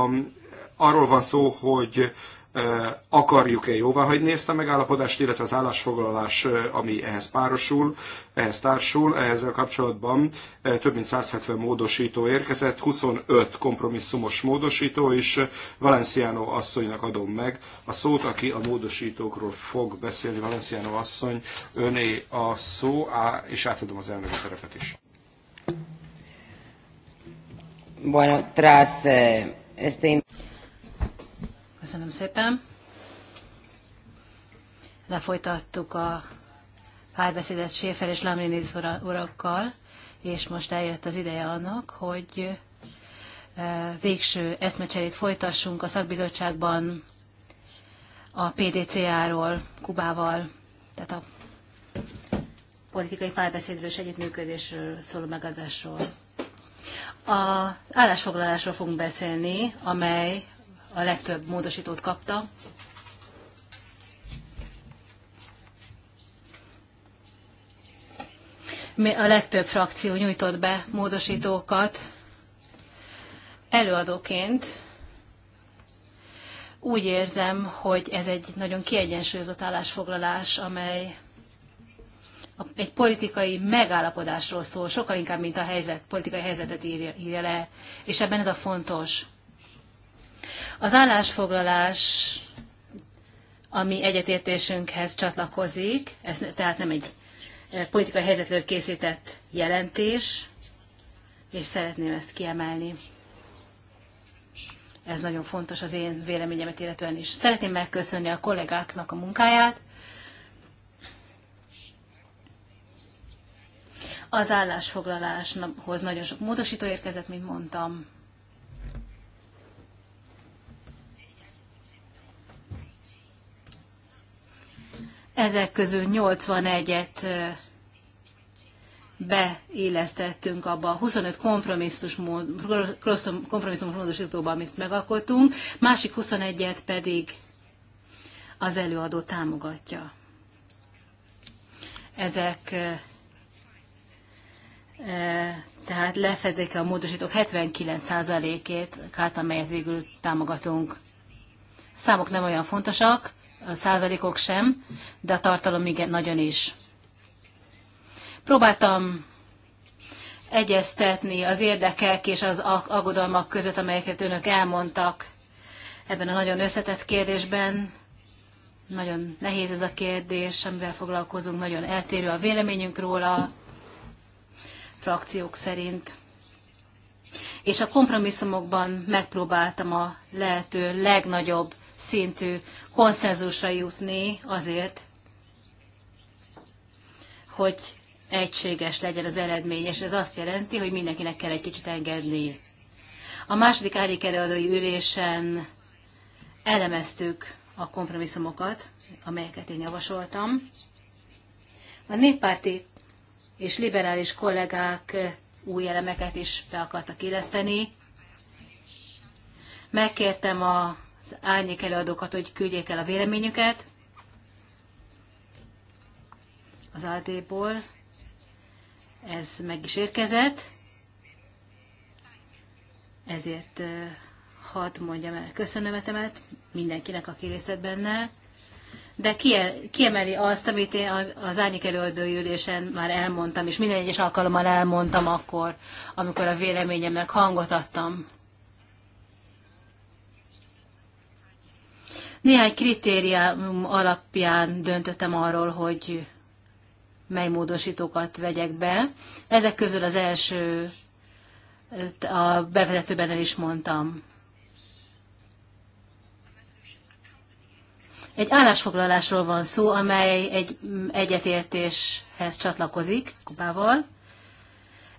Um, arról van szó, hogy uh, akarjuk-e jóváhagyni ezt a megállapodást, illetve az állásfoglalás, uh, ami ehhez párosul, ehhez társul, ezzel kapcsolatban uh, több mint 170 módosító érkezett, 25 kompromisszumos módosító, és Valenciano asszonynak adom meg a szót, aki a módosítókról fog beszélni. Valenciano asszony, öné a szó, és átadom az elnöki szerepet is. Bueno, tras eh, Köszönöm szépen. Lefolytattuk a párbeszédet Séfer és Lamrinis urakkal, és most eljött az ideje annak, hogy e, végső eszmecserét folytassunk a szakbizottságban a PDCA-ról, Kubával, tehát a politikai párbeszédről és együttműködésről szóló megadásról. Az állásfoglalásról fogunk beszélni, amely a legtöbb módosítót kapta. A legtöbb frakció nyújtott be módosítókat. Előadóként úgy érzem, hogy ez egy nagyon kiegyensúlyozott állásfoglalás, amely egy politikai megállapodásról szól, sokkal inkább, mint a helyzet, politikai helyzetet írja, írja le, és ebben ez a fontos. Az állásfoglalás, ami egyetértésünkhez csatlakozik, ez tehát nem egy eh, politikai helyzetről készített jelentés, és szeretném ezt kiemelni. Ez nagyon fontos az én véleményemet illetően is. Szeretném megköszönni a kollégáknak a munkáját, Az állásfoglaláshoz nagyon sok módosító érkezett, mint mondtam. Ezek közül 81-et beillesztettünk abba a 25 kompromisszus kompromisszumos módosítóba, amit megalkottunk, másik 21-et pedig az előadó támogatja. Ezek E, tehát lefedik a módosítók 79%-ét, hát amelyet végül támogatunk. Számok nem olyan fontosak, a százalékok sem, de a tartalom igen, nagyon is. Próbáltam egyeztetni az érdekek és az aggodalmak között, amelyeket önök elmondtak ebben a nagyon összetett kérdésben. Nagyon nehéz ez a kérdés, amivel foglalkozunk, nagyon eltérő a véleményünk róla frakciók szerint. És a kompromisszumokban megpróbáltam a lehető legnagyobb szintű konszenzusra jutni azért, hogy egységes legyen az eredmény, és ez azt jelenti, hogy mindenkinek kell egy kicsit engedni. A második árik előadói ülésen elemeztük a kompromisszumokat, amelyeket én javasoltam. A néppárti és liberális kollégák új elemeket is be akartak illeszteni. Megkértem az árnyék előadókat, hogy küldjék el a véleményüket az AD-ból. Ez meg is érkezett. Ezért eh, hadd mondjam el köszönömetemet mindenkinek, aki részt vett benne de kiemeli azt, amit én az árnyék előadói már elmondtam, és minden egyes alkalommal elmondtam akkor, amikor a véleményemnek hangot adtam. Néhány kritérium alapján döntöttem arról, hogy mely módosítókat vegyek be. Ezek közül az első a bevezetőben el is mondtam. Egy állásfoglalásról van szó, amely egy egyetértéshez csatlakozik Kubával.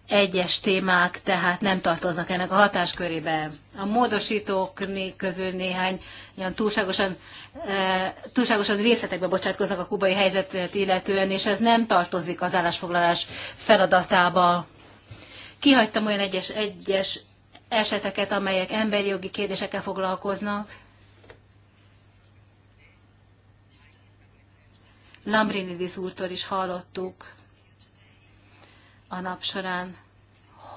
Egyes témák tehát nem tartoznak ennek a hatáskörébe. A módosítók közül néhány olyan túlságosan, e, túlságosan részletekbe bocsátkoznak a kubai helyzetet illetően, és ez nem tartozik az állásfoglalás feladatába. Kihagytam olyan egyes, egyes eseteket, amelyek emberi jogi kérdésekkel foglalkoznak, Lambrinidis úrtól is hallottuk a nap során,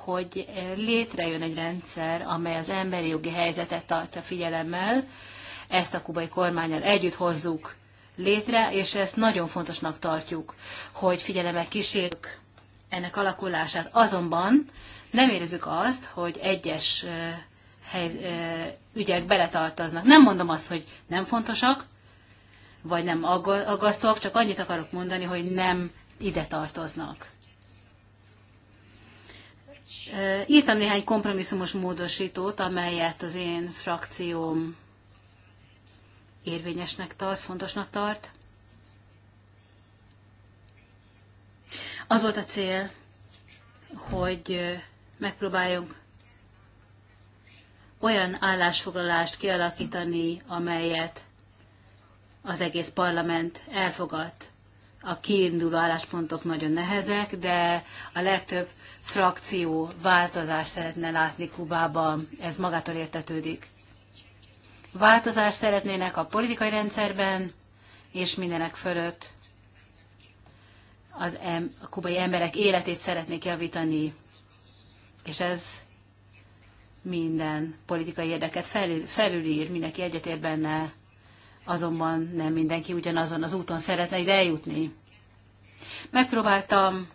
hogy létrejön egy rendszer, amely az emberi jogi helyzetet tartja figyelemmel, ezt a kubai kormányal együtt hozzuk létre, és ezt nagyon fontosnak tartjuk, hogy figyelemmel kísérjük ennek alakulását. Azonban nem érezzük azt, hogy egyes eh, hely, eh, ügyek beletartoznak. Nem mondom azt, hogy nem fontosak, vagy nem aggasztóak, csak annyit akarok mondani, hogy nem ide tartoznak. Írtam néhány kompromisszumos módosítót, amelyet az én frakcióm érvényesnek tart, fontosnak tart. Az volt a cél, hogy megpróbáljunk olyan állásfoglalást kialakítani, amelyet az egész parlament elfogadt. A kiinduló álláspontok nagyon nehezek, de a legtöbb frakció változást szeretne látni Kubában, ez magától értetődik. Változást szeretnének a politikai rendszerben, és mindenek fölött az em, a kubai emberek életét szeretnék javítani, és ez minden politikai érdeket felül, felülír, mindenki egyetért benne, azonban nem mindenki ugyanazon az úton szeretne ide eljutni. Megpróbáltam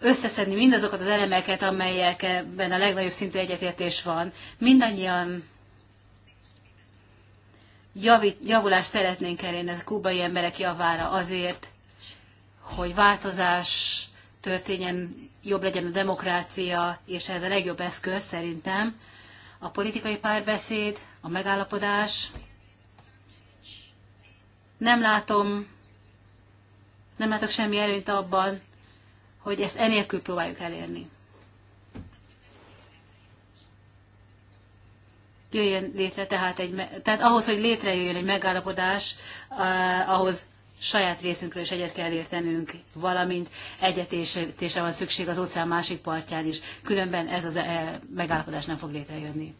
összeszedni mindazokat az elemeket, amelyekben a legnagyobb szintű egyetértés van. Mindannyian javít, javulást szeretnénk elérni a kubai emberek javára azért, hogy változás történjen, jobb legyen a demokrácia, és ez a legjobb eszköz szerintem a politikai párbeszéd, a megállapodás, nem látom, nem látok semmi előnyt abban, hogy ezt enélkül próbáljuk elérni. Jöjjön létre tehát egy, tehát ahhoz, hogy létrejöjjön egy megállapodás, eh, ahhoz saját részünkről is egyet kell értenünk, valamint egyetésre van szükség az óceán másik partján is, különben ez az eh, megállapodás nem fog létrejönni.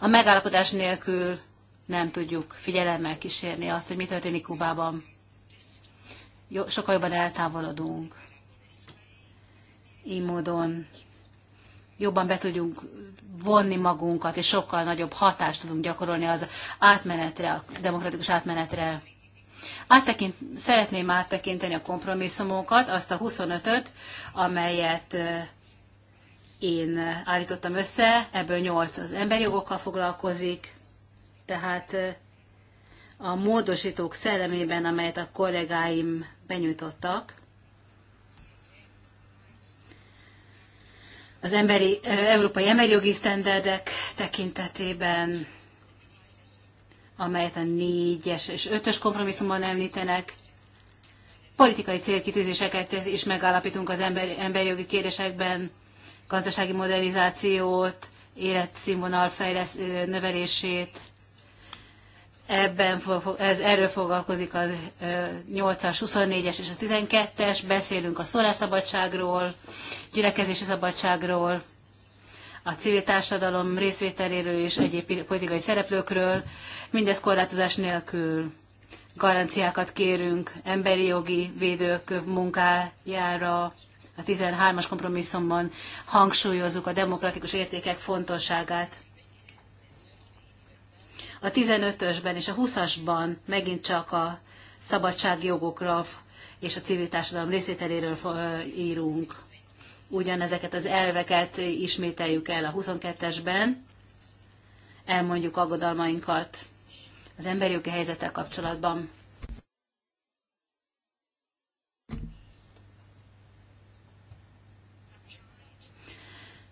A megállapodás nélkül nem tudjuk figyelemmel kísérni azt, hogy mi történik Kubában. Sokkal jobban eltávolodunk. Így módon jobban be tudjunk vonni magunkat, és sokkal nagyobb hatást tudunk gyakorolni az átmenetre, a demokratikus átmenetre. Áttekint, szeretném áttekinteni a kompromisszumokat, azt a 25-öt, amelyet én állítottam össze, ebből 8 az emberjogokkal foglalkozik, tehát a módosítók szellemében, amelyet a kollégáim benyújtottak, az emberi, európai emberi jogi sztenderdek tekintetében, amelyet a négyes és ötös kompromisszumban említenek, politikai célkitűzéseket is megállapítunk az emberi, emberi jogi kérdésekben, gazdasági modernizációt, életszínvonal növelését, ebben ez, erről foglalkozik a 8-as, 24-es és a 12-es, beszélünk a szólásszabadságról, gyülekezési szabadságról, a civil társadalom részvételéről és egyéb politikai szereplőkről, mindez korlátozás nélkül garanciákat kérünk emberi jogi védők munkájára, a 13-as kompromisszumban hangsúlyozzuk a demokratikus értékek fontosságát a 15-ösben és a 20-asban megint csak a szabadságjogokra és a civil társadalom részvételéről írunk. Ugyanezeket az elveket ismételjük el a 22-esben, elmondjuk aggodalmainkat az emberi jogi helyzettel kapcsolatban.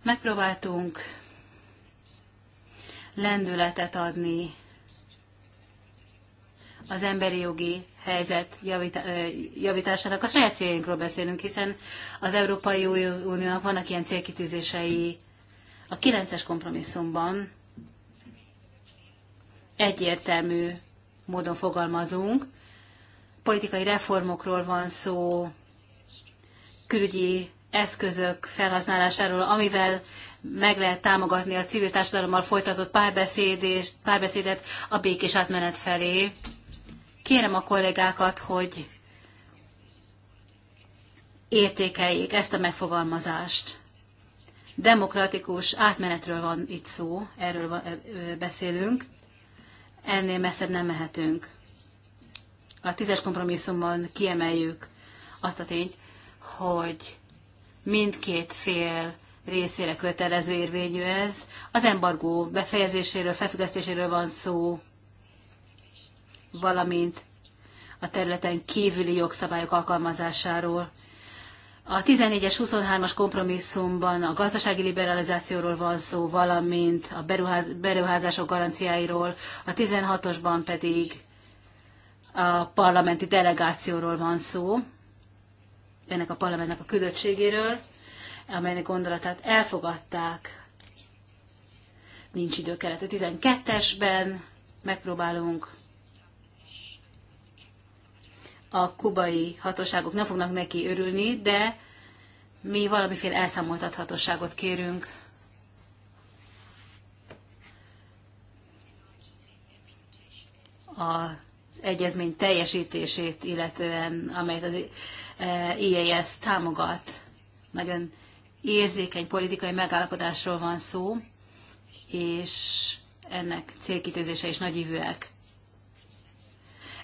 Megpróbáltunk lendületet adni az emberi jogi helyzet javításának. A saját céljainkról beszélünk, hiszen az Európai Uniónak vannak ilyen célkitűzései. A 9-es kompromisszumban egyértelmű módon fogalmazunk. Politikai reformokról van szó, külügyi eszközök felhasználásáról, amivel meg lehet támogatni a civil társadalommal folytatott párbeszédet a békés átmenet felé. Kérem a kollégákat, hogy értékeljék ezt a megfogalmazást. Demokratikus átmenetről van itt szó, erről beszélünk, ennél messzebb nem mehetünk. A tízes kompromisszumban kiemeljük azt a tényt, hogy mindkét fél részére kötelező érvényű ez. Az embargó befejezéséről, felfüggesztéséről van szó, valamint a területen kívüli jogszabályok alkalmazásáról. A 14-es 23-as kompromisszumban a gazdasági liberalizációról van szó, valamint a beruházások garanciáiról, a 16-osban pedig a parlamenti delegációról van szó, ennek a parlamentnek a küldöttségéről amelynek gondolatát elfogadták. Nincs időkeret. A 12-esben megpróbálunk a kubai hatóságok nem fognak neki örülni, de mi valamiféle elszámoltathatóságot kérünk. Az egyezmény teljesítését, illetően amelyet az IAS e támogat. Nagyon érzékeny politikai megállapodásról van szó, és ennek célkitűzése is nagy nagyívűek.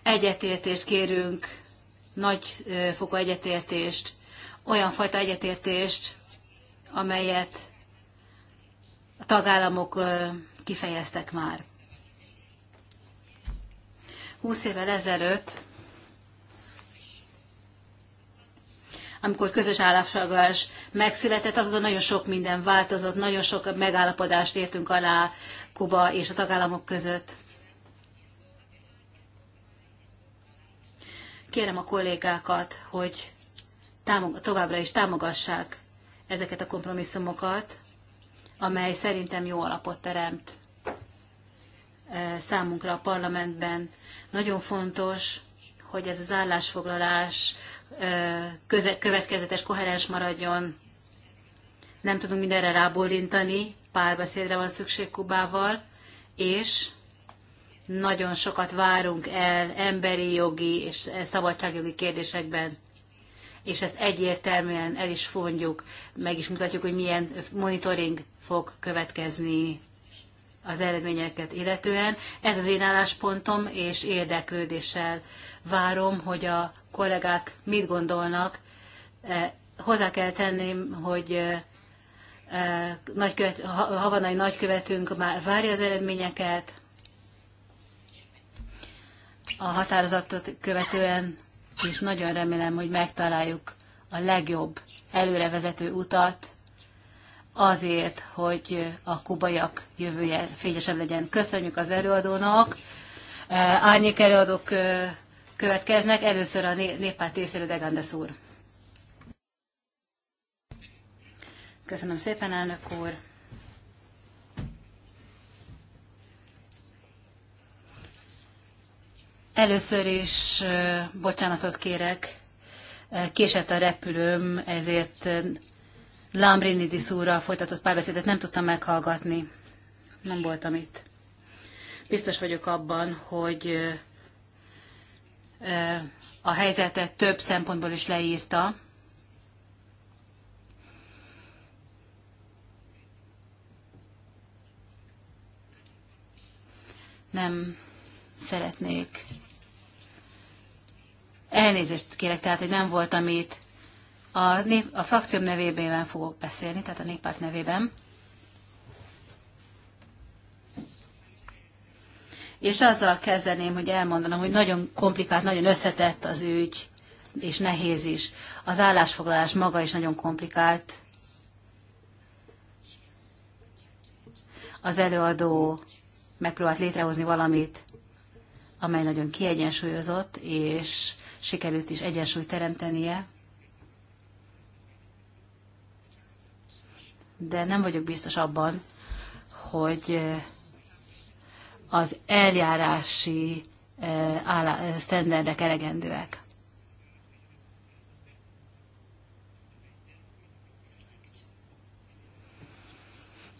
Egyetértést kérünk, nagy fokú egyetértést, olyan fajta egyetértést, amelyet a tagállamok kifejeztek már. 20 évvel ezelőtt amikor közös állásfoglalás megszületett, azóta nagyon sok minden változott, nagyon sok megállapodást értünk alá Kuba és a tagállamok között. Kérem a kollégákat, hogy továbbra is támogassák ezeket a kompromisszumokat, amely szerintem jó alapot teremt eh, számunkra a parlamentben. Nagyon fontos, hogy ez az állásfoglalás következetes, koherens maradjon. Nem tudunk mindenre rábólintani, párbeszédre van szükség Kubával, és nagyon sokat várunk el emberi jogi és szabadságjogi kérdésekben és ezt egyértelműen el is fondjuk, meg is mutatjuk, hogy milyen monitoring fog következni az eredményeket illetően. Ez az én álláspontom, és érdeklődéssel várom, hogy a kollégák mit gondolnak. E, hozzá kell tenném, hogy e, e, nagykövet, havanai nagykövetünk már várja az eredményeket. A határozatot követően és nagyon remélem, hogy megtaláljuk a legjobb előrevezető utat azért, hogy a kubaiak jövője fényesebb legyen. Köszönjük az előadónak. Árnyék előadók következnek. Először a néppárt részéről Degandes úr. Köszönöm szépen, elnök úr. Először is bocsánatot kérek, késett a repülőm, ezért Lambrini úrral folytatott párbeszédet nem tudtam meghallgatni. Nem voltam itt. Biztos vagyok abban, hogy a helyzetet több szempontból is leírta. Nem szeretnék. Elnézést kérek, tehát, hogy nem voltam itt. A, nép, a frakcióm nevében fogok beszélni, tehát a néppárt nevében. és azzal kezdeném, hogy elmondanom, hogy nagyon komplikált, nagyon összetett az ügy, és nehéz is. Az állásfoglalás maga is nagyon komplikált. Az előadó megpróbált létrehozni valamit, amely nagyon kiegyensúlyozott, és sikerült is egyensúlyt teremtenie. De nem vagyok biztos abban, hogy az eljárási eh, eh, sztenderdek elegendőek.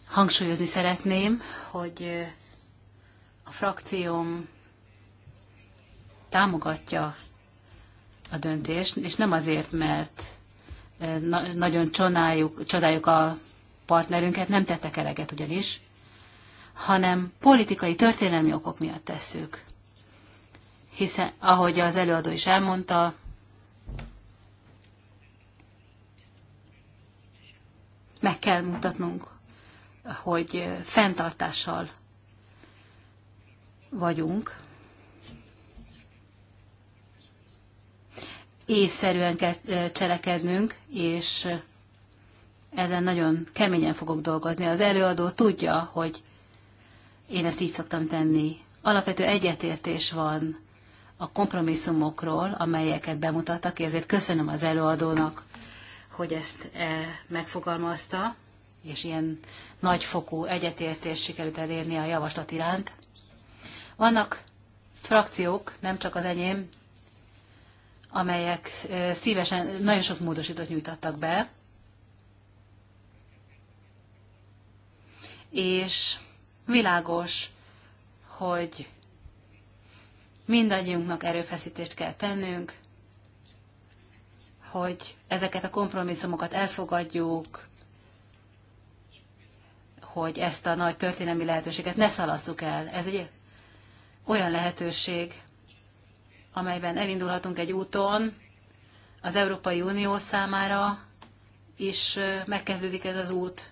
Hangsúlyozni szeretném, hogy eh, a frakcióm támogatja a döntést, és nem azért, mert nagyon csodáljuk, csodáljuk a partnerünket, nem tettek eleget ugyanis hanem politikai, történelmi okok miatt tesszük. Hiszen, ahogy az előadó is elmondta, meg kell mutatnunk, hogy fenntartással vagyunk, észszerűen kell cselekednünk, és ezen nagyon keményen fogok dolgozni. Az előadó tudja, hogy én ezt így szoktam tenni. Alapvető egyetértés van a kompromisszumokról, amelyeket bemutattak, ezért köszönöm az előadónak, hogy ezt e, megfogalmazta, és ilyen nagyfokú egyetértés sikerült elérni a javaslat iránt. Vannak frakciók, nem csak az enyém, amelyek e, szívesen nagyon sok módosítót nyújtattak be, és Világos, hogy mindannyiunknak erőfeszítést kell tennünk, hogy ezeket a kompromisszumokat elfogadjuk, hogy ezt a nagy történelmi lehetőséget ne szalasszuk el. Ez egy olyan lehetőség, amelyben elindulhatunk egy úton, az Európai Unió számára is megkezdődik ez az út,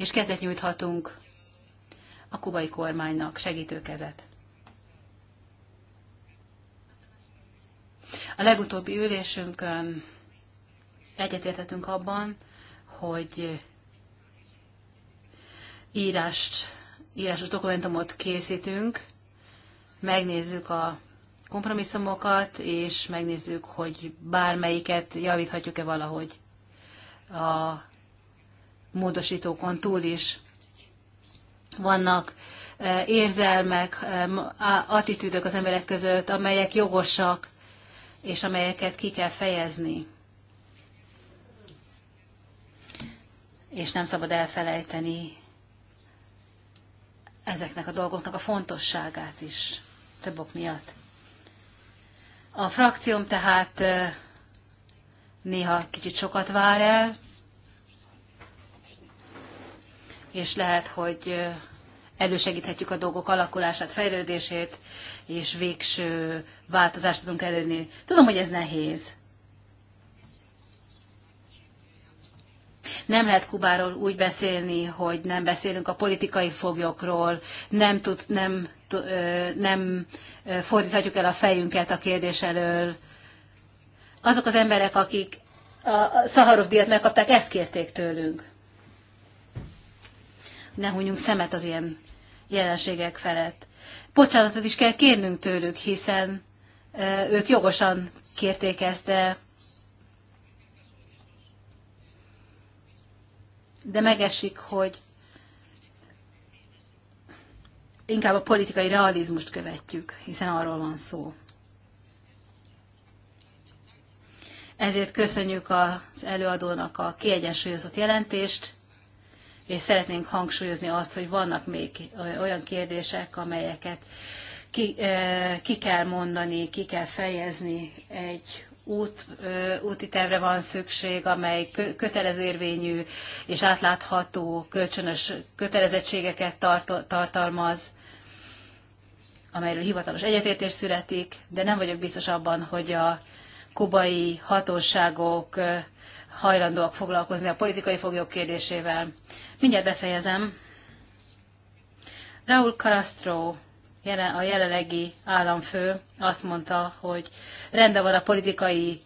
és kezet nyújthatunk a kubai kormánynak, kezet. A legutóbbi ülésünkön egyetértettünk abban, hogy írást, írásos dokumentumot készítünk, megnézzük a kompromisszumokat, és megnézzük, hogy bármelyiket javíthatjuk-e valahogy. A módosítókon túl is vannak eh, érzelmek, eh, attitűdök az emberek között, amelyek jogosak, és amelyeket ki kell fejezni. És nem szabad elfelejteni ezeknek a dolgoknak a fontosságát is, több ok miatt. A frakcióm tehát eh, néha kicsit sokat vár el, és lehet, hogy elősegíthetjük a dolgok alakulását, fejlődését, és végső változást tudunk elérni. Tudom, hogy ez nehéz. Nem lehet Kubáról úgy beszélni, hogy nem beszélünk a politikai foglyokról, nem, tud, nem, nem fordíthatjuk el a fejünket a kérdés elől. Azok az emberek, akik a Szaharov díjat megkapták, ezt kérték tőlünk ne hunyunk szemet az ilyen jelenségek felett. Bocsánatot is kell kérnünk tőlük, hiszen ők jogosan kérték ezt, de, de megesik, hogy inkább a politikai realizmust követjük, hiszen arról van szó. Ezért köszönjük az előadónak a kiegyensúlyozott jelentést, és szeretnénk hangsúlyozni azt, hogy vannak még olyan kérdések, amelyeket ki, ki kell mondani, ki kell fejezni egy út, úti tervre van szükség, amely kötelező érvényű és átlátható kölcsönös kötelezettségeket tart, tartalmaz, amelyről hivatalos egyetértés születik, de nem vagyok biztos abban, hogy a kubai hatóságok hajlandóak foglalkozni a politikai foglyok kérdésével. Mindjárt befejezem. Raúl Castro, a jelenlegi államfő azt mondta, hogy rendben van a politikai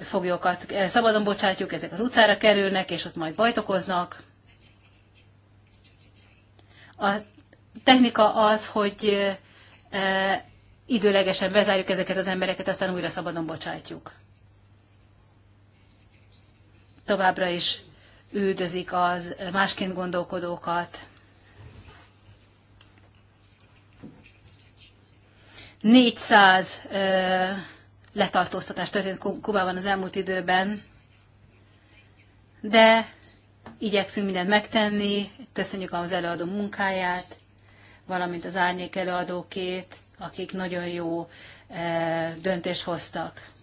foglyokat, e, szabadon bocsátjuk, ezek az utcára kerülnek, és ott majd bajt okoznak. A technika az, hogy e, e, időlegesen bezárjuk ezeket az embereket, aztán újra szabadon bocsátjuk továbbra is üldözik az másként gondolkodókat. Négyszáz letartóztatás történt Kubában az elmúlt időben, de igyekszünk mindent megtenni, köszönjük az előadó munkáját, valamint az árnyék előadókét, akik nagyon jó döntést hoztak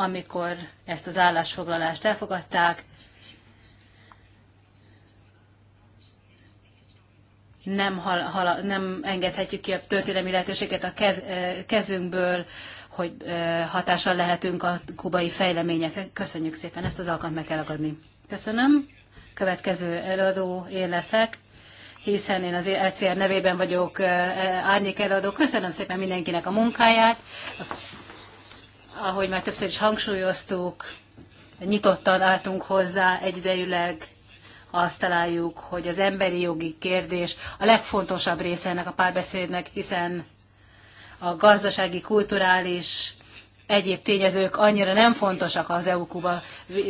amikor ezt az állásfoglalást elfogadták, nem, hal, hal, nem engedhetjük ki a történelmi lehetőséget a kez, kezünkből, hogy hatással lehetünk a kubai fejleményekre. Köszönjük szépen, ezt az alkalmat meg kell akadni. Köszönöm. Következő előadó én leszek, hiszen én az ECR nevében vagyok árnyék előadó. Köszönöm szépen mindenkinek a munkáját, ahogy már többször is hangsúlyoztuk, nyitottan álltunk hozzá egyidejűleg, azt találjuk, hogy az emberi jogi kérdés a legfontosabb része ennek a párbeszédnek, hiszen a gazdasági, kulturális, egyéb tényezők annyira nem fontosak az EU-Kuba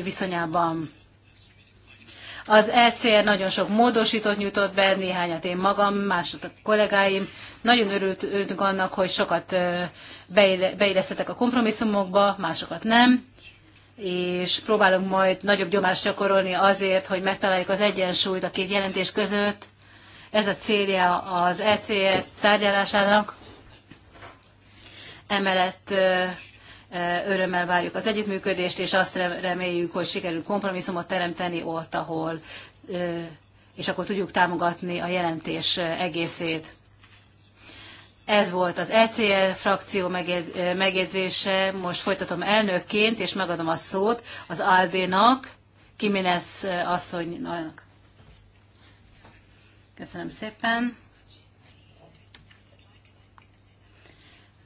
viszonyában. Az ECR nagyon sok módosított nyújtott be, néhányat én magam, másokat a kollégáim. Nagyon örültünk annak, hogy sokat beillesztettek a kompromisszumokba, másokat nem és próbálunk majd nagyobb gyomást gyakorolni azért, hogy megtaláljuk az egyensúlyt a két jelentés között. Ez a célja az ECR tárgyalásának. Emellett örömmel várjuk az együttműködést, és azt reméljük, hogy sikerül kompromisszumot teremteni ott, ahol és akkor tudjuk támogatni a jelentés egészét. Ez volt az ECL frakció megjegyzése, most folytatom elnökként, és megadom a szót az ALDE-nak, Kiminesz asszonynak. Köszönöm szépen.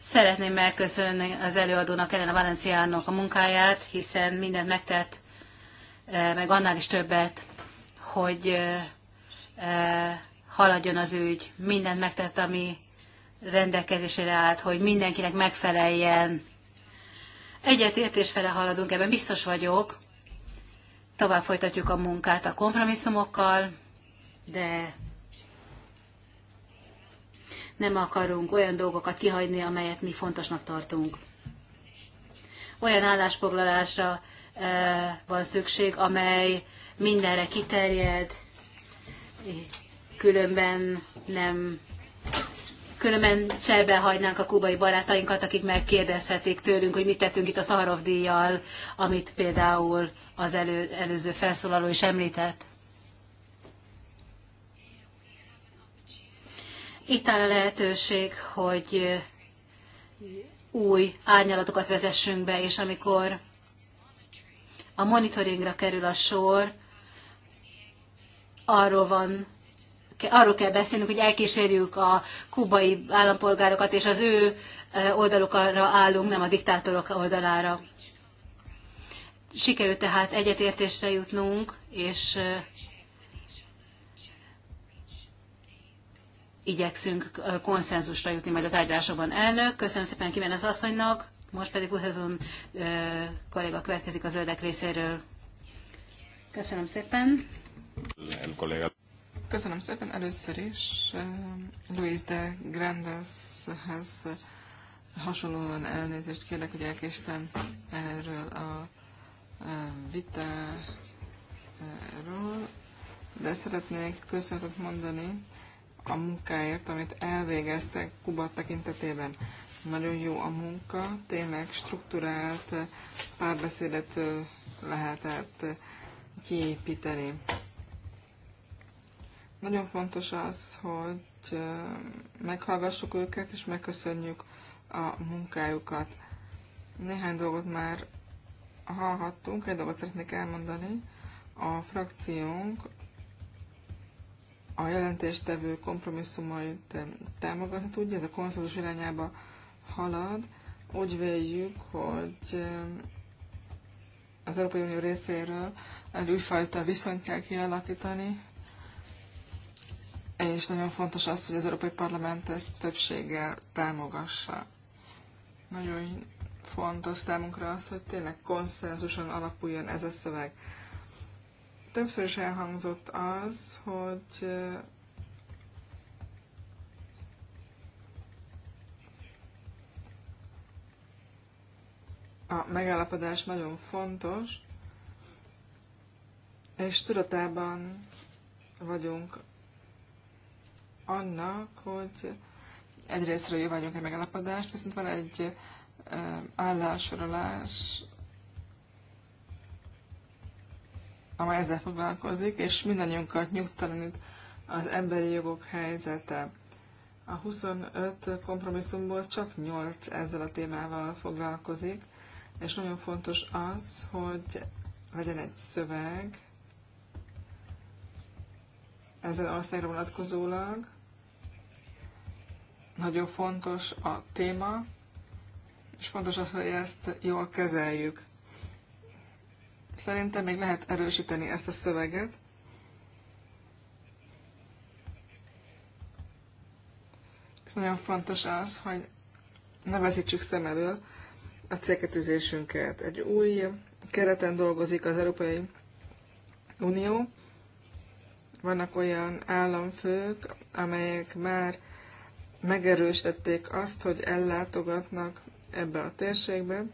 Szeretném megköszönni az előadónak, Elena Valenciának a munkáját, hiszen mindent megtett, eh, meg annál is többet, hogy eh, eh, haladjon az ügy. Mindent megtett, ami rendelkezésére állt, hogy mindenkinek megfeleljen. Egyetértés fele haladunk, ebben biztos vagyok. Tovább folytatjuk a munkát a kompromisszumokkal, de nem akarunk olyan dolgokat kihagyni, amelyet mi fontosnak tartunk. Olyan állásfoglalásra eh, van szükség, amely mindenre kiterjed, különben nem különben cserben hagynánk a kubai barátainkat, akik megkérdezhetik tőlünk, hogy mit tettünk itt a Szaharov díjjal, amit például az elő, előző felszólaló is említett. Itt áll a lehetőség, hogy új árnyalatokat vezessünk be, és amikor a monitoringra kerül a sor, arról van arról kell beszélnünk, hogy elkísérjük a kubai állampolgárokat, és az ő oldalukra állunk, nem a diktátorok oldalára. Sikerült tehát egyetértésre jutnunk, és igyekszünk konszenzusra jutni majd a tárgyalásokban. Elnök, köszönöm szépen Kimen az asszonynak, most pedig Uhezon kolléga következik a zöldek részéről. Köszönöm szépen. Köszönöm szépen először is Luis de Grandeshez hasonlóan elnézést kérlek, hogy elkéstem erről a vitáról, de szeretnék köszönetet mondani a munkáért, amit elvégeztek Kuba tekintetében. Nagyon jó a munka, tényleg strukturált párbeszédet lehetett kiépíteni. Nagyon fontos az, hogy meghallgassuk őket, és megköszönjük a munkájukat. Néhány dolgot már hallhattunk, egy dolgot szeretnék elmondani. A frakciónk a jelentéstevő kompromisszumait támogatni tudja, ez a konszenzus irányába halad. Úgy véljük, hogy eh, az Európai Unió részéről egy újfajta viszonyt kell kialakítani, és nagyon fontos az, hogy az Európai Parlament ezt többséggel támogassa. Nagyon fontos számunkra az, hogy tényleg konszenzuson alapuljon ez a szöveg. Többször is elhangzott az, hogy a megállapodás nagyon fontos, és tudatában vagyunk annak, hogy egyrésztről jó vagyunk egy megállapodást, viszont van egy állásorolás amely ezzel foglalkozik, és mindannyiunkat nyugtalanít az emberi jogok helyzete. A 25 kompromisszumból csak 8 ezzel a témával foglalkozik, és nagyon fontos az, hogy legyen egy szöveg ezzel országra vonatkozólag. Nagyon fontos a téma, és fontos az, hogy ezt jól kezeljük. Szerintem még lehet erősíteni ezt a szöveget. És nagyon fontos az, hogy ne veszítsük szem elől a célkitűzésünket. Egy új kereten dolgozik az Európai Unió. Vannak olyan államfők, amelyek már megerősítették azt, hogy ellátogatnak ebbe a térségbe.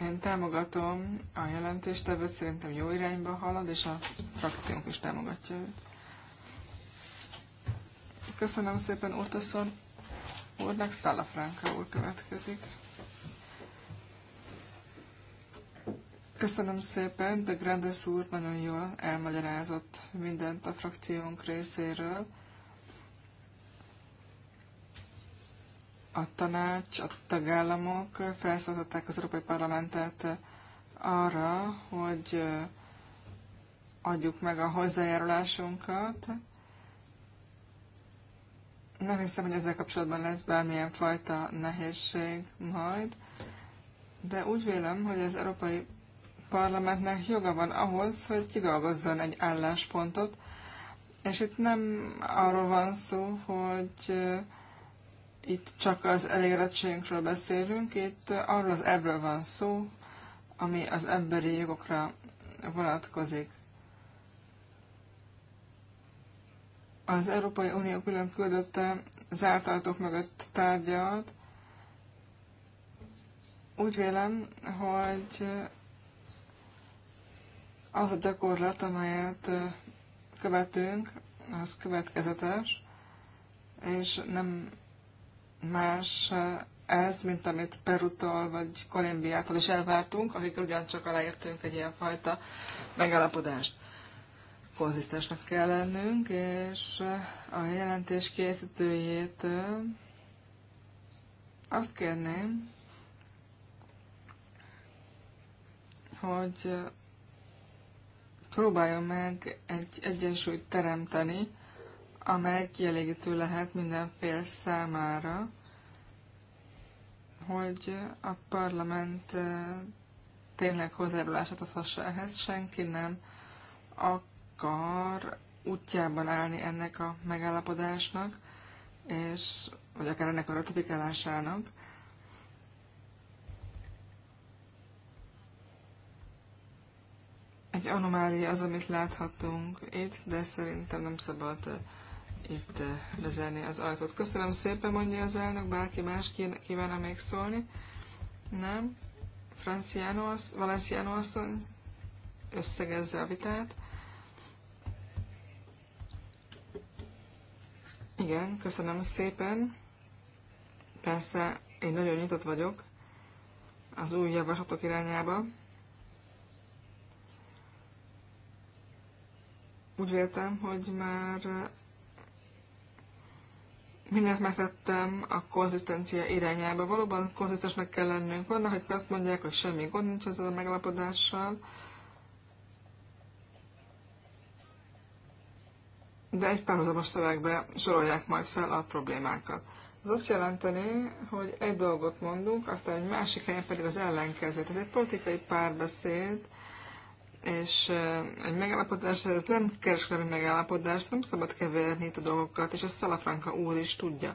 Én támogatom a jelentéstevőt, szerintem jó irányba halad, és a frakciónk is támogatja őt. Köszönöm szépen, Urtaszon úrnak, Szalafránka úr következik. Köszönöm szépen, de Grandes úr nagyon jól elmagyarázott mindent a frakciónk részéről. a tanács, a tagállamok felszólították az Európai Parlamentet arra, hogy adjuk meg a hozzájárulásunkat. Nem hiszem, hogy ezzel kapcsolatban lesz bármilyen fajta nehézség majd, de úgy vélem, hogy az Európai Parlamentnek joga van ahhoz, hogy kidolgozzon egy álláspontot, és itt nem arról van szó, hogy itt csak az elégedettségünkről beszélünk, itt arról az ebből van szó, ami az emberi jogokra vonatkozik. Az Európai Unió külön küldötte zárt ajtók mögött tárgyalt. Úgy vélem, hogy az a gyakorlat, amelyet követünk, az következetes, és nem más eh, ez, mint amit Perutól vagy Kolumbiától is elvártunk, akik ugyancsak aláértünk egy ilyen fajta megállapodást. Konzisztensnek kell lennünk, és eh, a jelentés készítőjét azt kérném, hogy eh, próbáljon meg egy egyensúlyt teremteni amely kielégítő lehet minden fél számára, hogy a parlament eh, tényleg hozzájárulását adhassa ehhez. Senki nem akar útjában állni ennek a megállapodásnak, és, vagy akár ennek a ratifikálásának. Egy anomália az, amit láthatunk itt, de szerintem nem szabad eh, itt bezárni eh, az ajtót. Köszönöm szépen, mondja az elnök, bárki más kívánna még szólni. Nem? Franciano, Valenciano asszony összegezze a vitát. Igen, köszönöm szépen. Persze én nagyon nyitott vagyok az új javaslatok irányába. Úgy véltem, hogy már mindent megtettem a konzisztencia irányába. Valóban konzisztensnek kell lennünk. Vannak, hogy azt mondják, hogy semmi gond nincs ezzel a meglapodással, de egy párhuzamos szövegbe sorolják majd fel a problémákat. Ez azt jelenteni, hogy egy dolgot mondunk, aztán egy másik helyen pedig az ellenkezőt. Ez egy politikai párbeszéd, és egy megállapodás, ez nem kereskedelmi megállapodás, nem szabad keverni itt a dolgokat, és ezt Szalafranka úr is tudja.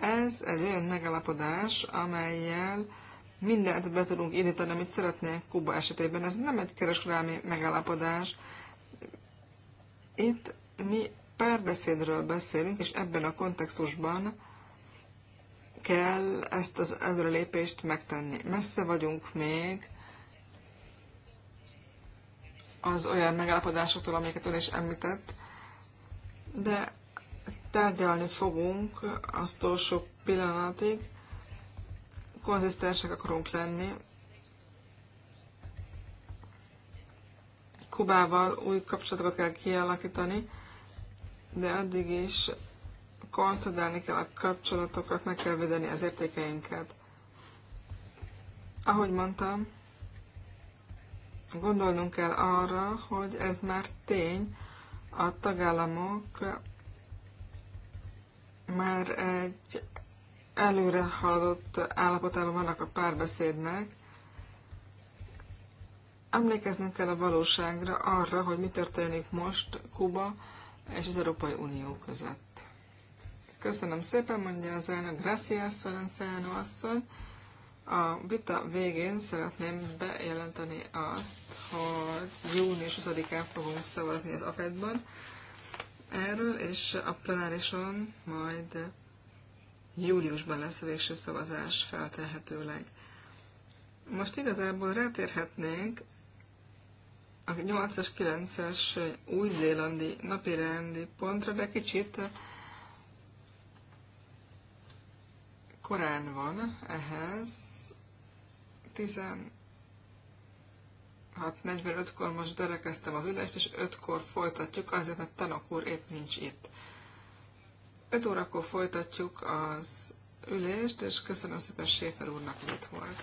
Ez egy olyan megállapodás, amelyel mindent be tudunk indítani, amit szeretnénk Kuba esetében. Ez nem egy kereskedelmi megállapodás. Itt mi párbeszédről beszélünk, és ebben a kontextusban kell ezt az előrelépést megtenni. Messze vagyunk még az olyan megállapodásoktól, amiket ön is említett, de tárgyalni fogunk az utolsó pillanatig, konzisztensek akarunk lenni. Kubával új kapcsolatokat kell kialakítani, de addig is konszolidálni kell a kapcsolatokat, meg kell védeni az értékeinket. Ahogy mondtam, Gondolnunk kell arra, hogy ez már tény, a tagállamok már egy előre haladott állapotában vannak a párbeszédnek. Emlékeznünk kell a valóságra arra, hogy mi történik most Kuba és az Európai Unió között. Köszönöm szépen, mondja az elnök Gracias, Szolenzánó asszony. A vita végén szeretném bejelenteni azt, hogy június 20-án fogunk szavazni az AFED-ban erről, és a plenárison majd júliusban lesz a végső szavazás feltehetőleg. Most igazából rátérhetnénk a 8-as, 9-es új-zélandi napirendi pontra, de kicsit korán van ehhez, 16.45-kor most berekeztem az ülést, és 5-kor folytatjuk, azért, mert Tanok úr épp nincs itt. 5 órakor folytatjuk az ülést, és köszönöm szépen Séfer úrnak, hogy itt volt.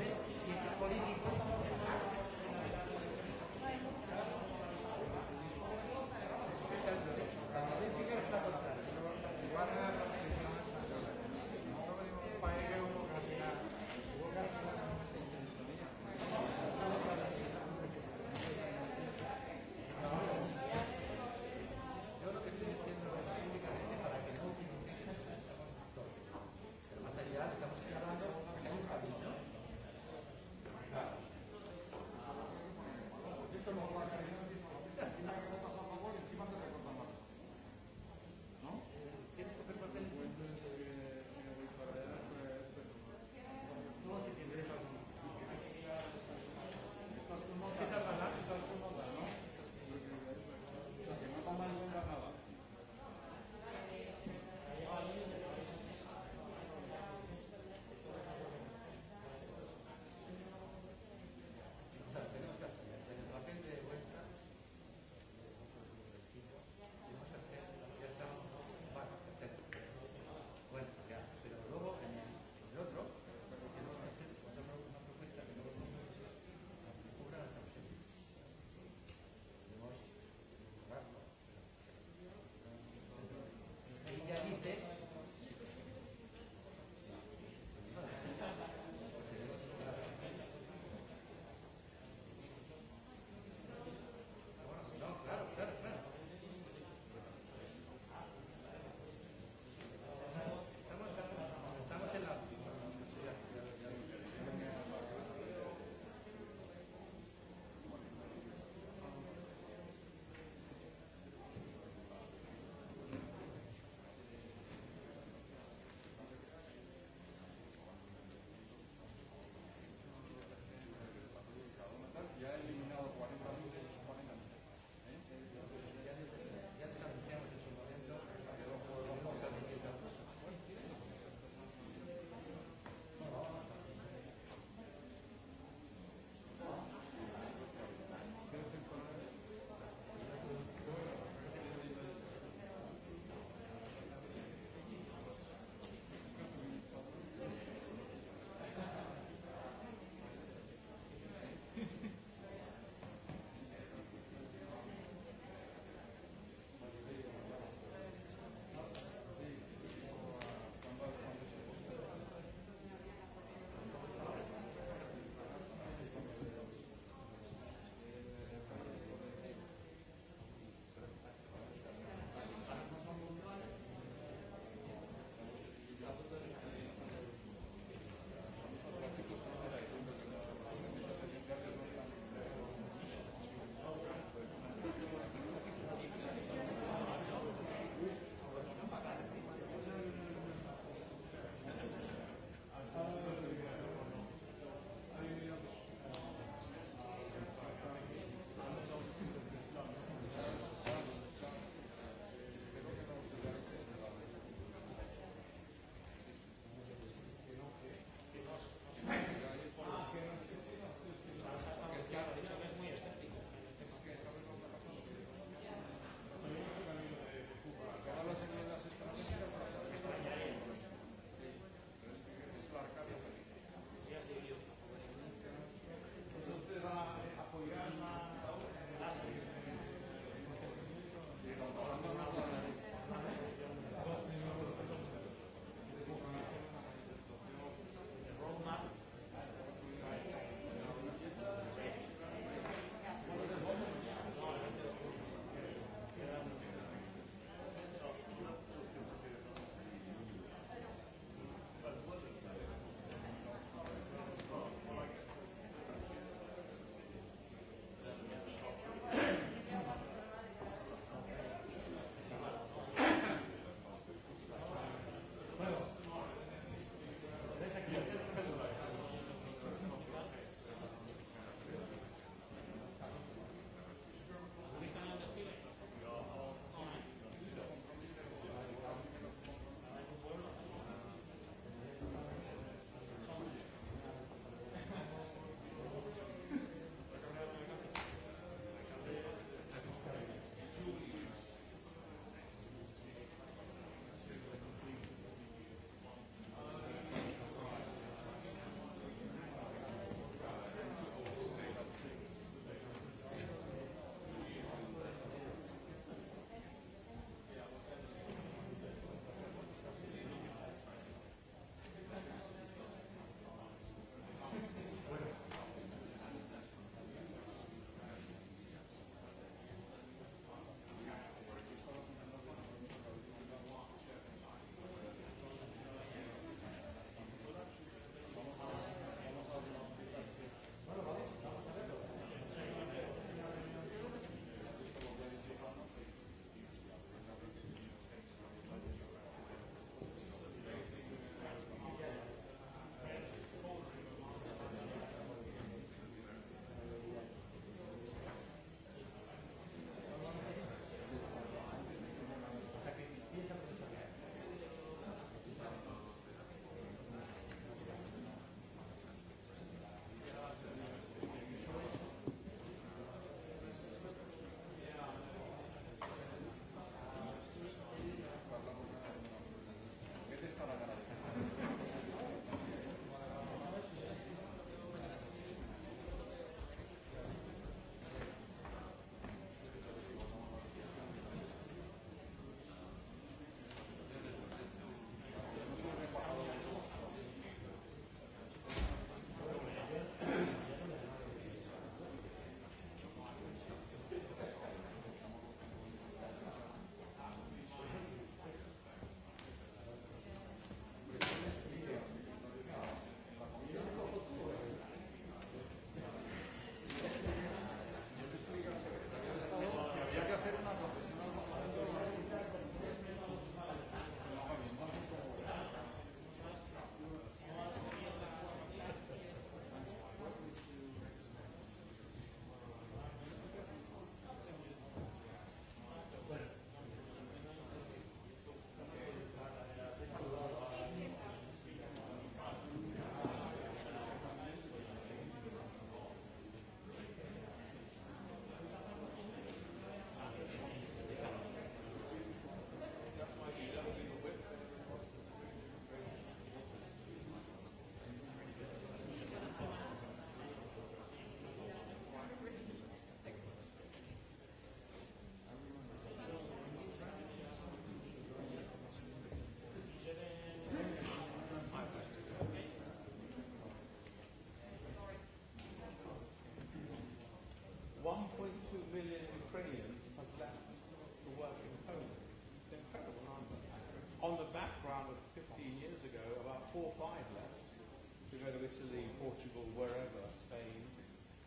two million Ukrainians have left to work in Poland. It's an incredible number. On the background of 15 years ago, about four or five left to go to Italy, Portugal, wherever, Spain.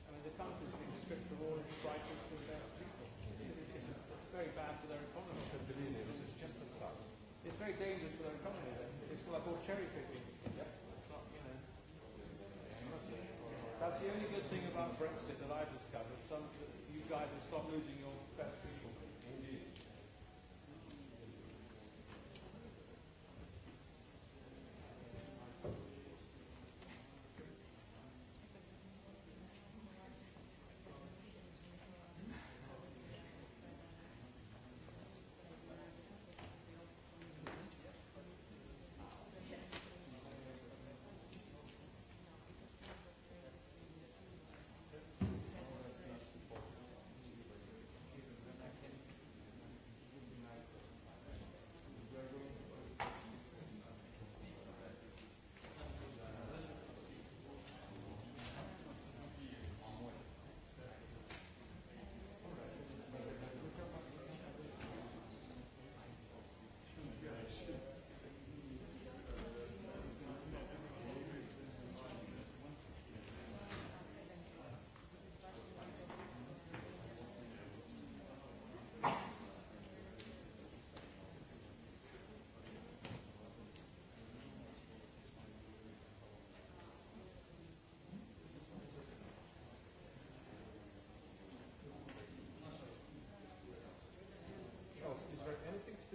I mean, the country's been stripped of all its rights to their people. It's, it's very bad for their economy. This is just the start. It's very dangerous for their economy. It's like all cherry picking. That's the only good thing about Brexit that I've guys and stop losing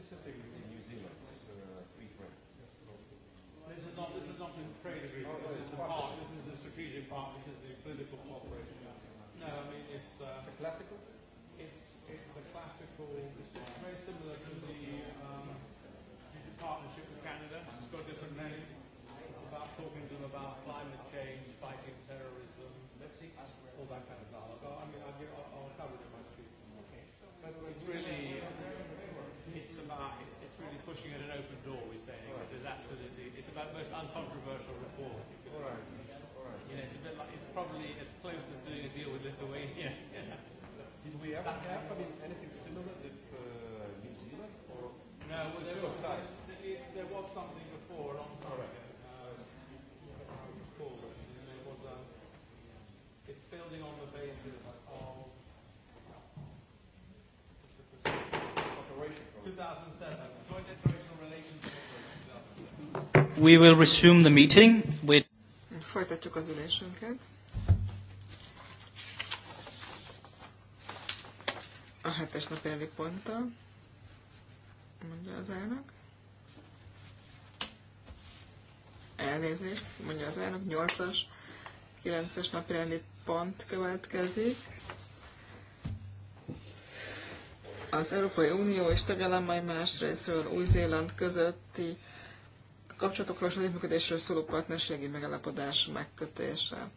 specifically New Zealand's uh, free trade. This is not this is not a trade agreement. No, oh, this is the part. This is the strategic part. This is the political cooperation. No, I mean it's. Uh, it's a classical. It's it's a classical. It's very similar to the um, partnership with Canada. It's got a different name. It's about talking to them about climate change, fighting terrorism, all that kind of stuff. pushing at an open door, we're saying, right. which is absolutely, it's about the most uncontroversial reform. All right. All right. You know, it's a bit like, it's probably as close as doing a deal with Lithuania. Did we ever have, I mean, anything similar? We will resume the meeting with... Folytatjuk az ülésünket. A hetes nap elvi ponttal, mondja az elnök. Elnézést, mondja az elnök, 8-as, 9-es napi pont következik. Az Európai Unió és tagállamai más részről Új-Zéland közötti kapcsolatokról és az együttműködésről szóló partnerségi megállapodás megkötése.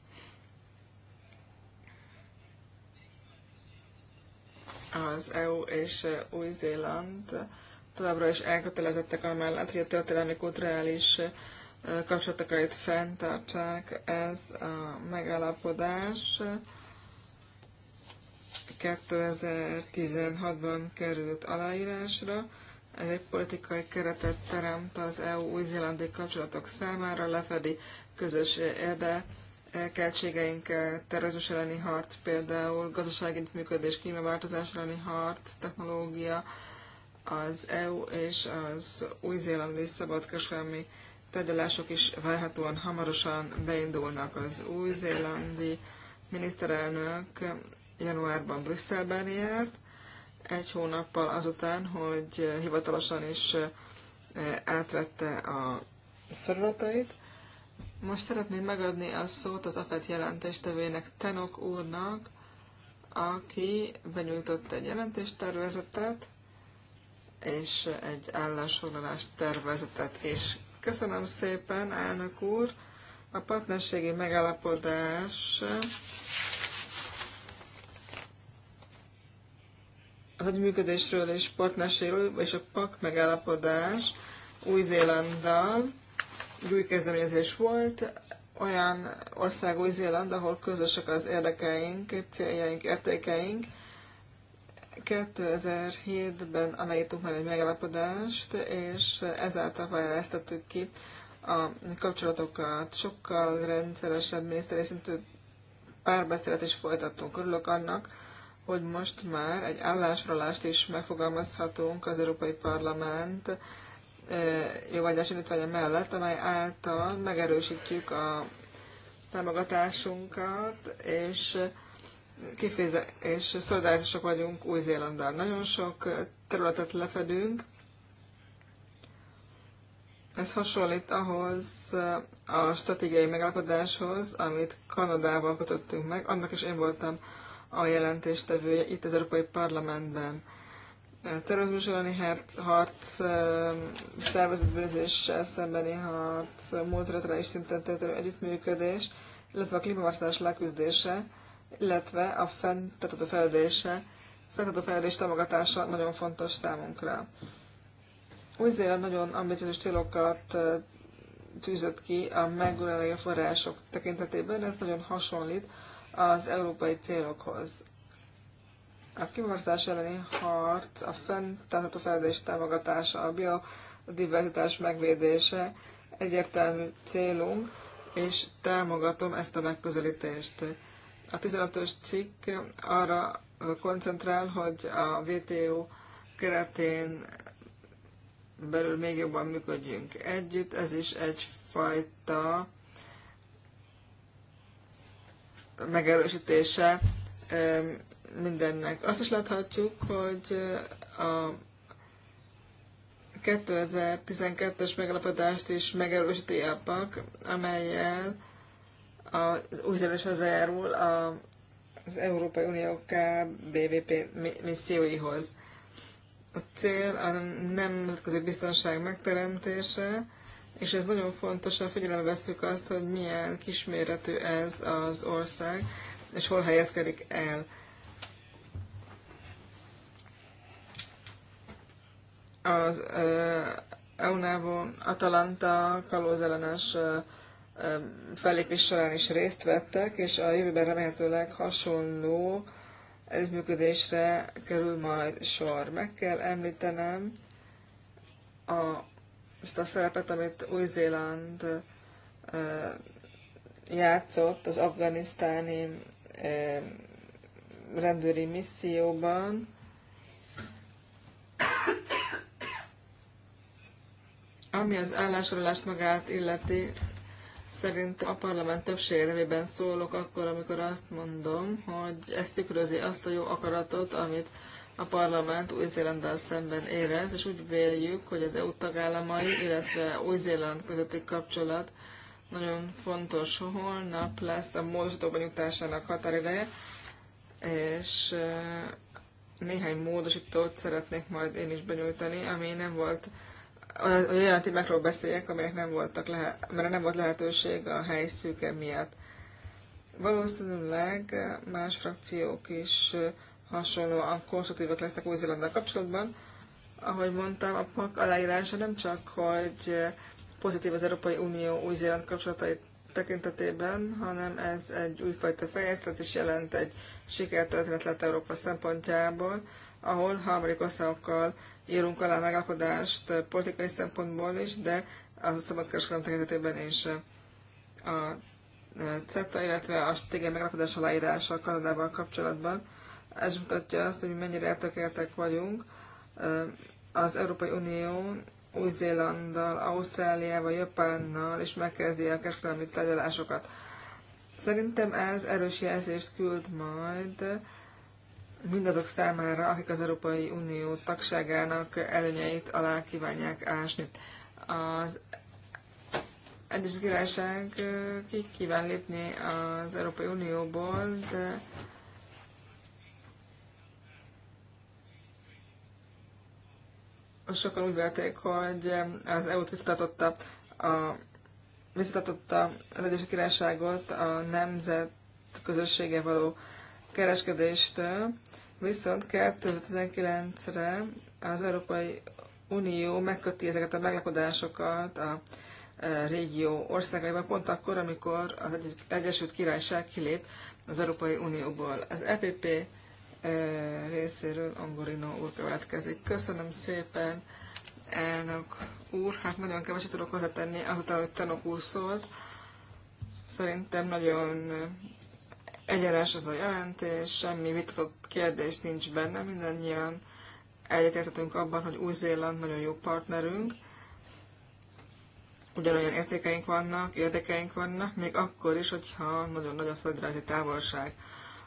Az EU és Új-Zéland továbbra is elkötelezettek amellett, hogy a történelmi kulturális kapcsolatokat fenntartsák. Ez a megállapodás 2016-ban került aláírásra, ez egy politikai keretet teremt az EU-új-zélandi kapcsolatok számára, lefedi közös érde keltségeink terrorizmus elleni harc például, gazdasági működés, klímaváltozás elleni harc, technológia, az EU és az új-zélandi szabadkeselmi tárgyalások is várhatóan hamarosan beindulnak. Az új-zélandi miniszterelnök januárban Brüsszelben járt, egy hónappal azután, hogy hivatalosan is átvette a feladatait. Most szeretném megadni a szót az AFET jelentéstevőjének Tenok úrnak, aki benyújtott egy jelentéstervezetet és egy állásfoglalás tervezetet is. Köszönöm szépen, elnök úr! A partnerségi megállapodás működésről és partnerségről, és a PAK megállapodás Új-Zélanddal új kezdeményezés volt, olyan ország Új-Zéland, ahol közösek az érdekeink, céljaink, értékeink. 2007-ben aláírtunk már egy megállapodást, és ezáltal fejlesztettük ki a kapcsolatokat. Sokkal rendszeresebb miniszteri szintű párbeszélet is folytattunk. Örülök annak, hogy most már egy állásfoglalást is megfogalmazhatunk az Európai Parlament eh, jóvágyás indítványa mellett, amely által megerősítjük a támogatásunkat, és kiféze, és szolidárisak vagyunk új zélandal Nagyon sok területet lefedünk. Ez hasonlít ahhoz a stratégiai megállapodáshoz, amit Kanadával kötöttünk meg. Annak is én voltam a jelentéstevője itt az Európai Parlamentben. Terrorizmus elleni harc, um, szervezetbűnözéssel szembeni harc, multilaterális szinten történő együttműködés, illetve a klímaváltozás leküzdése, illetve a fenntartható fejlődése, fenntartható fejlődés támogatása nagyon fontos számunkra. Úgy zélem, nagyon ambiciózus célokat uh, tűzött ki a megújuló források tekintetében, ez nagyon hasonlít az európai célokhoz. A kiborzás elleni harc, a fenntartható fejlődés támogatása, a biodiverzitás megvédése egyértelmű célunk, és támogatom ezt a megközelítést. A 15-ös cikk arra koncentrál, hogy a WTO keretén belül még jobban működjünk együtt. Ez is egyfajta megerősítése mindennek. Azt is láthatjuk, hogy a 2012-es megállapodást is megerősíti a PAK, amelyel az új hozzájárul az Európai Unió KBVP misszióihoz. A cél a nemzetközi biztonság megteremtése, és ez nagyon fontos, ha figyelembe veszük azt, hogy milyen kisméretű ez az ország, és hol helyezkedik el. Az EUNAVO Atalanta kalózellenes fellépés során is részt vettek, és a jövőben remélhetőleg hasonló együttműködésre kerül majd sor. Meg kell említenem a azt a szerepet, amit Új-Zéland játszott az afganisztáni rendőri misszióban. Ami az állásolást magát illeti, szerint a parlament többségévében szólok akkor, amikor azt mondom, hogy ez tükrözi azt a jó akaratot, amit a parlament Új-Zélanddal szemben érez, és úgy véljük, hogy az EU tagállamai, illetve Új-Zéland közötti kapcsolat nagyon fontos. Holnap lesz a módosítóban benyújtásának határideje, és eh, néhány módosítót szeretnék majd én is benyújtani, ami nem volt olyan témákról beszéljek, amelyek nem voltak lehet, mert nem volt lehetőség a hely szűke miatt. Valószínűleg más frakciók is eh, hasonlóan konstruktívak lesznek új zélandal kapcsolatban. Ahogy mondtam, a PAK aláírása nem csak, hogy pozitív az Európai Unió új zéland kapcsolatait tekintetében, hanem ez egy újfajta fejezet is jelent egy sikertörténet lett Európa szempontjából, ahol harmadik országokkal írunk alá megalkodást politikai szempontból is, de a szabadkereskedelem tekintetében is a CETA, illetve a stratégiai megalkodás aláírása Kanadával kapcsolatban ez mutatja azt, hogy mennyire eltökéltek vagyunk. Az Európai Unió Új-Zélanddal, Ausztráliával, Japánnal és megkezdi a kereskedelmi tárgyalásokat. Szerintem ez erős jelzést küld majd mindazok számára, akik az Európai Unió tagságának előnyeit alá kívánják ásni. Az Egyesült Királyság ki kíván lépni az Európai Unióból, de sokan úgy vélték, hogy eh, az EU-t visszatartotta a visszatartotta az Egyesült Királyságot a nemzet közössége való kereskedéstől, viszont 2019-re az Európai Unió megköti ezeket a meglapodásokat a eh, régió országaiban, pont akkor, amikor az Egyesült Királyság kilép az Európai Unióból. Az EPP részéről Angorino úr következik. Köszönöm szépen, elnök úr. Hát nagyon keveset tudok hozzátenni, azután, hogy tanok úr szólt. Szerintem nagyon egyenes ez a jelentés, semmi vitatott kérdés nincs benne, mindannyian egyetértetünk abban, hogy Új-Zéland nagyon jó partnerünk, ugyanolyan értékeink vannak, érdekeink vannak, még akkor is, hogyha nagyon nagy a földrajzi távolság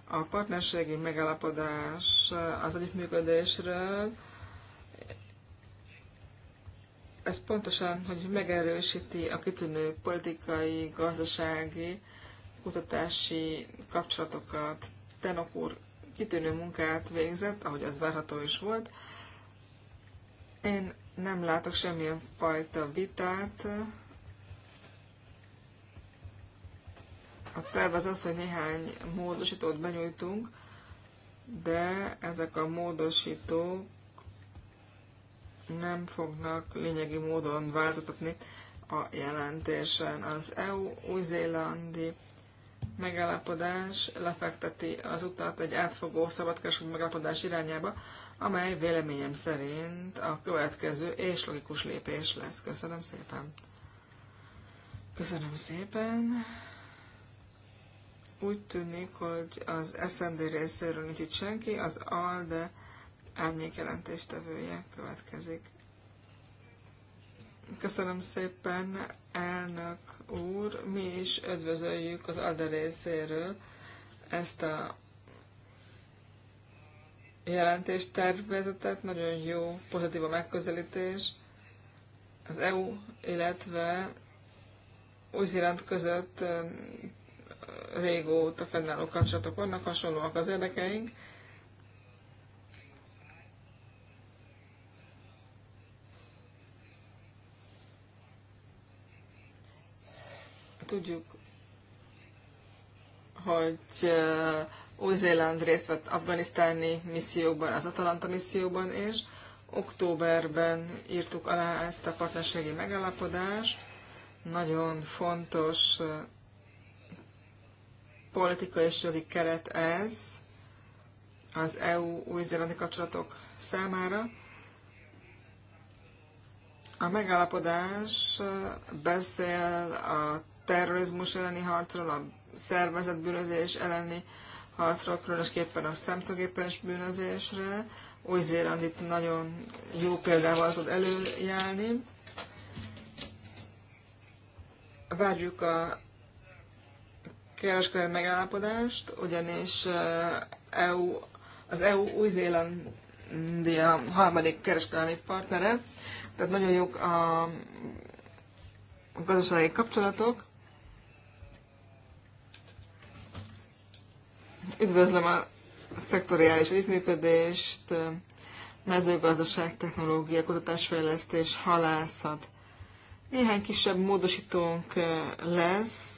a partnerségi megállapodás az együttműködésről, ez pontosan, hogy megerősíti a kitűnő politikai, gazdasági, kutatási kapcsolatokat. Tenok úr kitűnő munkát végzett, ahogy az várható is volt. Én nem látok semmilyen fajta vitát a terv az az, hogy néhány módosítót benyújtunk, de ezek a módosítók nem fognak lényegi módon változtatni a jelentésen. Az EU-Új-Zélandi megállapodás lefekteti az utat egy átfogó szabadkereskedelmi megállapodás irányába, amely véleményem szerint a következő és logikus lépés lesz. Köszönöm szépen! Köszönöm szépen! Úgy tűnik, hogy az SND részéről nincs itt senki, az ALDE árnyék jelentéstevője következik. Köszönöm szépen, elnök úr! Mi is üdvözöljük az ALDE részéről ezt a jelentést tervezetet, nagyon jó, pozitív a megközelítés. Az EU, illetve új között régóta fennálló kapcsolatok vannak, hasonlóak az érdekeink. Tudjuk, hogy eh, Új-Zéland részt vett afganisztáni misszióban, az Atalanta misszióban, és októberben írtuk alá ezt a partnerségi megállapodást. Nagyon fontos eh, politikai és jogi keret ez az EU-új-zélandi kapcsolatok számára. A megállapodás beszél a terrorizmus elleni harcról, a szervezett bűnözés elleni harcról, különösképpen a szemtőgépes bűnözésre. Új-Zéland itt nagyon jó példával tud előjárni. Várjuk a kereskedelmi megállapodást, ugyanis EU, az EU Új-Zélandia harmadik kereskedelmi partnere, tehát nagyon jók a gazdasági kapcsolatok. Üdvözlöm a szektoriális együttműködést, mezőgazdaság, technológia, kutatásfejlesztés, halászat. Néhány kisebb módosítónk lesz,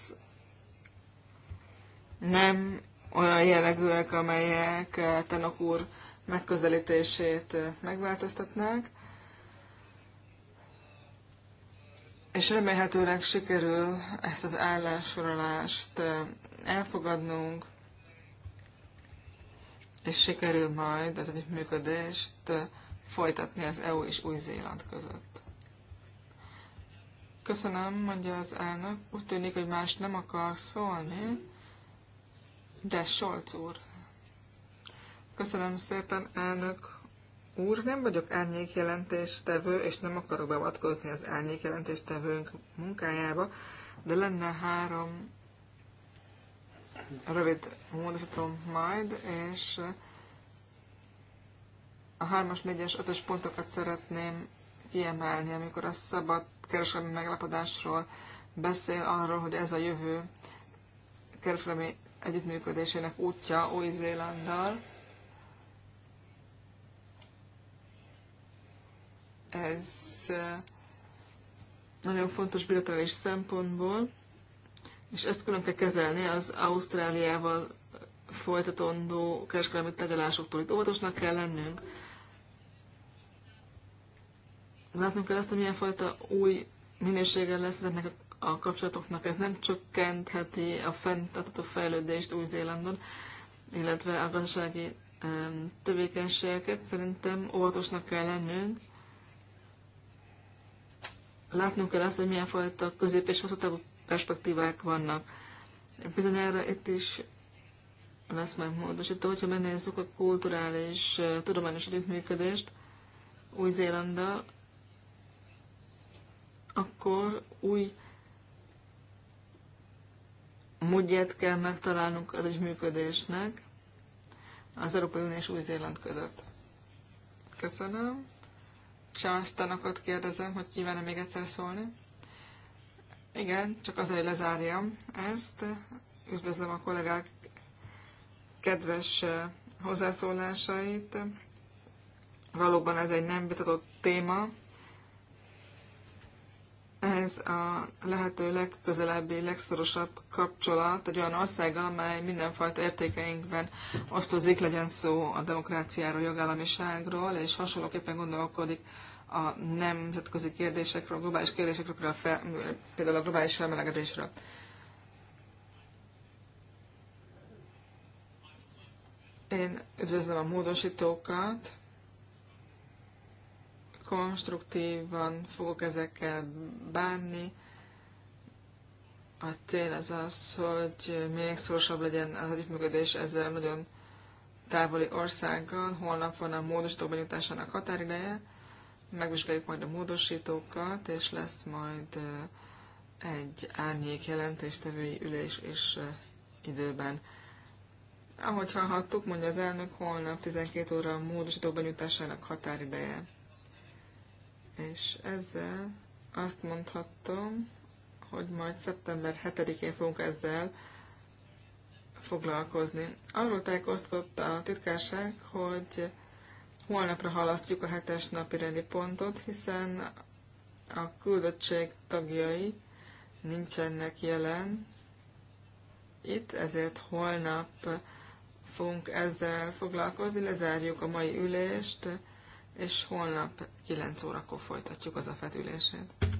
nem olyan jellegűek, amelyek eh, Tenok úr megközelítését eh, megváltoztatnák, és remélhetőleg sikerül ezt az állásfoglalást eh, elfogadnunk, és sikerül majd az együttműködést folytatni az EU és Új-Zéland között. Köszönöm, mondja az elnök. Úgy tűnik, hogy más nem akar szólni. De Solc úr. Köszönöm szépen, elnök úr. Nem vagyok árnyékjelentéstevő, és nem akarok beavatkozni az árnyékjelentéstevőnk munkájába, de lenne három rövid módosítom majd, és a hármas, négyes ötös pontokat szeretném kiemelni, amikor a szabad kereskedelmi meglapodásról beszél arról, hogy ez a jövő kereskedelmi együttműködésének útja Új-Zélanddal. Ez eh, nagyon fontos bilaterális szempontból, és ezt külön kell kezelni az Ausztráliával folytatandó kereskedelmi tárgyalásoktól. Itt óvatosnak kell lennünk. Látnunk kell azt, hogy milyen fajta új minőséggel lesz ezeknek a a kapcsolatoknak. Ez nem csökkentheti a fenntartató fejlődést Új-Zélandon, illetve a gazdasági tevékenységeket. Szerintem óvatosnak kell lennünk. Látnunk kell azt, hogy milyen fajta közép- és hosszú perspektívák vannak. Bizonyára itt is lesz módosító, hogyha megnézzük a kulturális, tudományos együttműködést Új-Zélanddal, akkor új módját kell megtalálnunk az működésnek az Európai Unió és Új-Zéland között. Köszönöm. Charles kérdezem, hogy kívánom még egyszer szólni. Igen, csak azért, hogy lezárjam ezt. Üdvözlöm a kollégák kedves hozzászólásait. Valóban ez egy nem vitatott téma, ez a lehető legközelebbi, legszorosabb kapcsolat egy olyan országgal, amely mindenfajta értékeinkben osztozik, legyen szó a demokráciáról, jogállamiságról, és hasonlóképpen gondolkodik a nemzetközi kérdésekről, globális kérdésekről, például a, fel, például a globális felmelegedésről. Én üdvözlöm a módosítókat, konstruktívan fogok ezekkel bánni. A cél az az, hogy még szorosabb legyen az együttműködés ezzel nagyon távoli országgal. Holnap van a módosító benyújtásának határideje, megvizsgáljuk majd a módosítókat, és lesz majd egy árnyék jelentéstevői ülés is időben. Ahogy hallhattuk, mondja az elnök, holnap 12 óra a módosító benyújtásának határideje. És ezzel azt mondhattam, hogy majd szeptember 7-én fogunk ezzel foglalkozni. Arról tájékoztatott a titkárság, hogy holnapra halasztjuk a hetes napi rendi pontot, hiszen a küldöttség tagjai nincsenek jelen itt, ezért holnap fogunk ezzel foglalkozni, lezárjuk a mai ülést, és holnap 9 órakor folytatjuk az a fetülését.